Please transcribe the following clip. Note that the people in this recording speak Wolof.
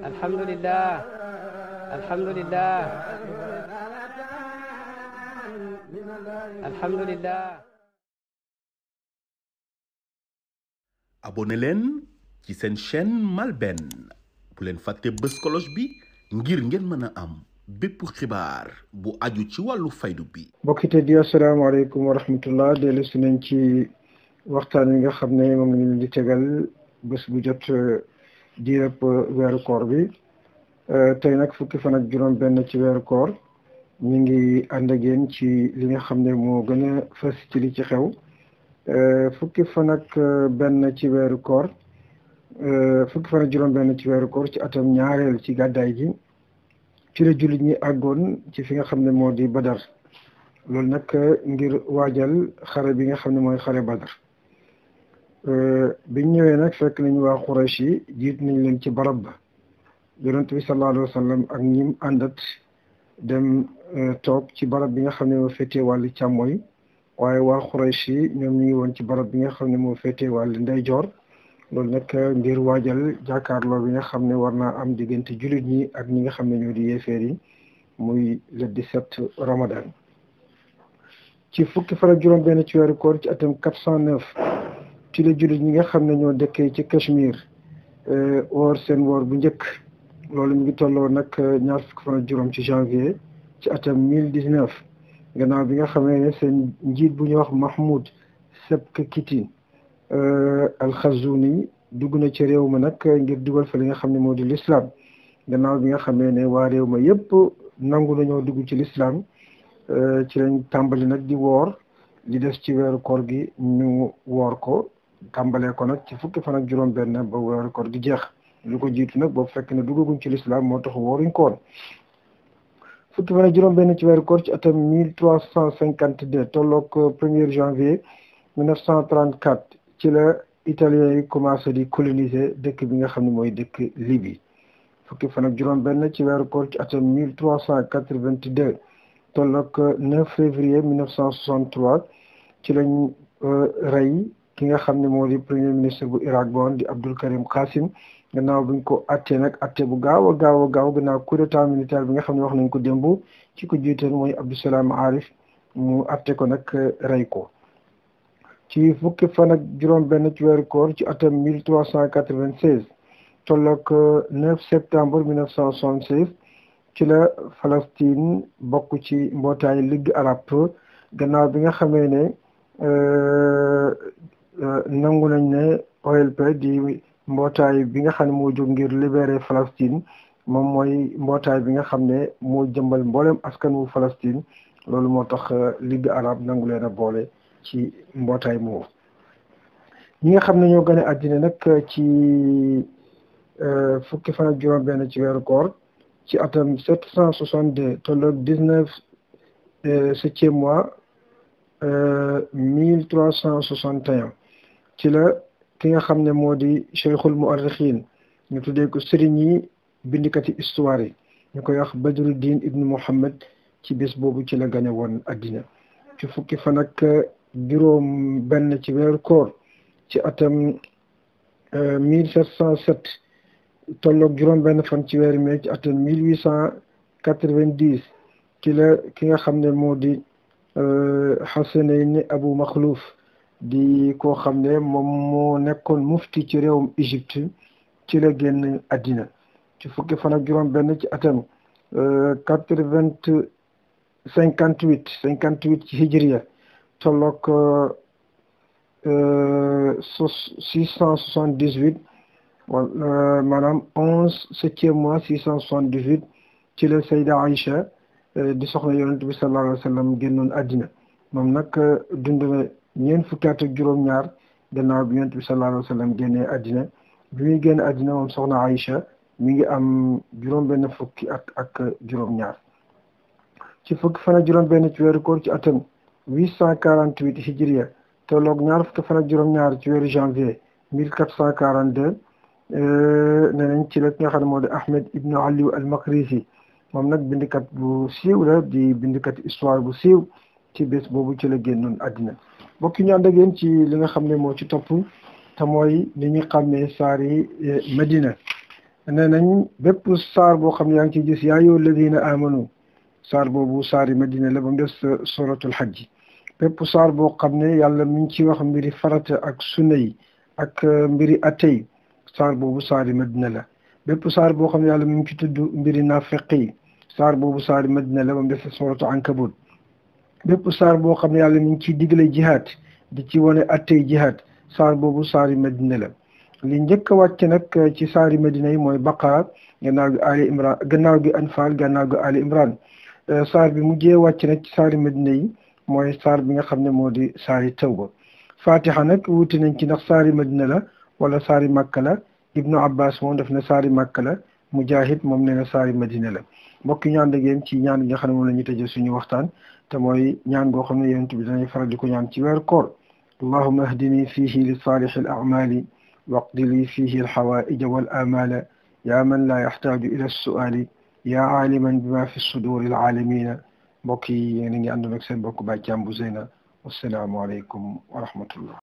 alhamdulilah alhamdulilah alhamdulilah abonné leen ci seen chaîne MALBN bu leen fàtte bës cloche bi ngir ngen mën a am bépp xibaar bu aju ci wàllu faydu bi. mbokk yi tey di asalaamaaleykum wa dellu si nañ ci. waxtaan wi nga xam ne moom la ñu di tegal bés bu jot euh, diirab euh, weeru koor bi euh, tey nag fukki fan ak juróom benn ci weeru koor ñu ngi ànd ci li nga xam ne moo gën a fës ci li ci xew fukki fan ak benn ci weeru koor fukki fan ak juróom benn ci weeru koor ci atam ñaareel ci gàddaay gi ci la jullit ñi àggoon ci fi nga xam ne moo di badar loolu nag ngir waajal xare bi nga xam ne mooy xare badar bi ñëwee nag fekk nañ waa Quraysh yi jiit nañ leen ci barab ba yonent bi sallallahu alayhi wa ak ñim àndat dem e, toog ci barab bi nga xam ne moo féetee wàllu càmmooy waaye waa Quraysh yi ñoom ñu ngi woon ci barab bi nga xam ne moo féetee wàllu ndeyjoor loolu nag e, ngir waajal jàkkaarloo bi nga xam ne war naa am diggante jullit ñi ak ñi nga xam ne ñoo di yéeféer yi muy le 17 Ramadan ci fukki fan ak juróom benn ci weeru koor ci atam 409 ci la jullit ñi nga xam ne ñoo dëkkee ci Cachemire woor euh, seen woor bu njëkk loolu mu ngi tolloo nag euh, ñaar fukk fan ak juróom ci janvier ci atam mille dix neuf gannaaw bi nga xamee ne seen njiit bu ñuy wax Mahmoud Sebkakity euh, al-Khazzouni dugg na ci réew ma nag ngir dugal fa li nga xam ne moo di l'islam gannaaw bi nga xam ne ne waa réew ma yëpp nangu nañoo dugg ci l'islam ci lañ tàmbali nag di woor di des ci weeru koor gi ñu woor ko tàmbalee ko nag ci fukki fan ak juróom-benn ba weeru koor di jeex lu ko jiitu nag boobu fekk ne dugaguñ ci lislaam moo tax wooruñ koon fukki fan juróom-benn ci weeru koor ci atam mille trois cent cinquante deux tolloog premier janvier mille neuf cent ci la italiens yi commencé di coloniser dëkk bi nga xam ne mooy dëkk Libye fukki fan ak juróom-benn ci weeru koor ci atam mille trois cent quatre vingt deux tolloog neuf février mille neuf cent soixante trois ci lañ euh, rey. ki nga xam ne moo di premier ministre bu Irak boon di Abdul Karim Qasim gannaaw buñ ko attee nag atte bu gaaw a gaaw a gaaw gannaaw coup d'état militaire bi nga xam ne wax nañ ko démb ci ko jiiteen mooy Abdusalaam Arif mu atte ko nag rey ko ci fukki fan ak juróom benn ci weeru ci atam mille trois cent quatre-vingt-seize septembre mille neuf cent soixante ci la Palestine bokk ci mbootaayu Ligue arabe gannaaw bi nga xamee ne euh, Euh, nangu nañ ne OLP di mbootaay bi nga xam ne moo jóg ngir libérer Palestine moom mooy mbootaay bi nga xam ne moo jëmbal mboolem askan wu Palestine loolu moo tax euh, Ligue arabe nangu leen a boole ci mbootaay moomu ñi nga xam ne ñoo gën a àddina nag euh, ci fukki fan ak juróom benn ci weeru koor ci atam sept cent soixante deux tolloog dix neuf septième mois mille trois cent soixante et ci la ki nga xam ne moo di cheikhul muarrixin ñu tuddee ko sëriñ yi bindikati histoire ñu koy wax badruddin ibnu muhammad ci bés boobu ci la gañe woon addina ci fukki fan ak juróom benn ci weer koor ci atam euh, mille sept cent sept tolloog juróom benn fan ci weeru mai ci atam mille huit cent ci la ki nga xam ne moo di xasanayn euh, abu maxluuf di koo xam ne moom moo nekkoon mufti ci réewum Égypte ci la génn àddina ci fukki fan ak juróom benn ci atam euh, quatre vingt cinquante huit cinquante huit ci hijriya tolloog euh, euh, six cent soixante dix huit wala maanaam onze septième mois six cent soixante ci la sayda Aïcha di soxna yonent bi sallallahu alayhi wa sallam génnoon àddina moom nag ñeent fukki at ak juróom-ñaar gannaaw bi yonent bi sallallahu alayhi wa sallam génnee àddina bi muy génn àddina moom soxna Aïcha mi ngi am juróom-benn fukki at ak juróom-ñaar ci fukki fan ak juróom-benn ci weeru koor ci atam 848 hijriya tolloog ñaar fukki fan ak juróom-ñaar ci weeru janvier 1442 euh, ne nañ ci la ki nga xam ne moo di Ahmed ibn Ali al-Maqrizi moom nag bindkat bu siiw la di bindkat histoire bu siiw ci bés boobu ci la génnoon àddina. bokki ñu ànd ak yéen ci li nga xam ne moo ci topp te mooy ni ñu xàmmee saar yi eh, Medina nee nañ bépp saar boo xam yaa ngi ci gis yaa yoo ladina amanu saar boobu saari yi Medina la ba mu des eh, suratul hajj bépp saar boo xam ne yàlla mi ngi ci wax mbiri farata ak sunna yi ak eh, mbiri atey saar boobu saari yi Medina la bépp saar boo xam ne yàlla mi ngi ci tudd mbiri naafeq yi saar boobu saari yi Medina la ba mu des suratul ankabut bépp saar boo xam ne yàlla mi ngi ciy digle jihaad di ci wane attey jihaad saar boobu saari madina la li njëkk a wàcc nag ci saari madina mooy baqara gannaaw gi ali imran gannaaw gi anfaal gannaaw gi ali imran euh, saar bi mujjee wàcc nag ci saari madina mooy saar bi nga xam ne moo di saari tawba fatiha nag wuti nañ ci ndax saari madina la wala saari makka la ibnu abbas moom def na saari makka la Mujahid moom nee na saari Madina la mbokk yi ñu ànd ak yéen ci ñaan yi nga xam ne moom la ñu tëjee suñu waxtaan te mooy ñaan goo xam ne yonent bi dañuy faral di ko ñaan ci weer koor allahuma ahdini fihi li saalih al amali waqdi li fihi al xawaaija wal amala yaa man laa yaxtaaju ila suali yaa aaliman bima fi suduri al aalamina mbokk yi yéen a ngi àndoon ak seen mbokk bàjjam bu Zeyna wasalaamualeykum wa rahmatullah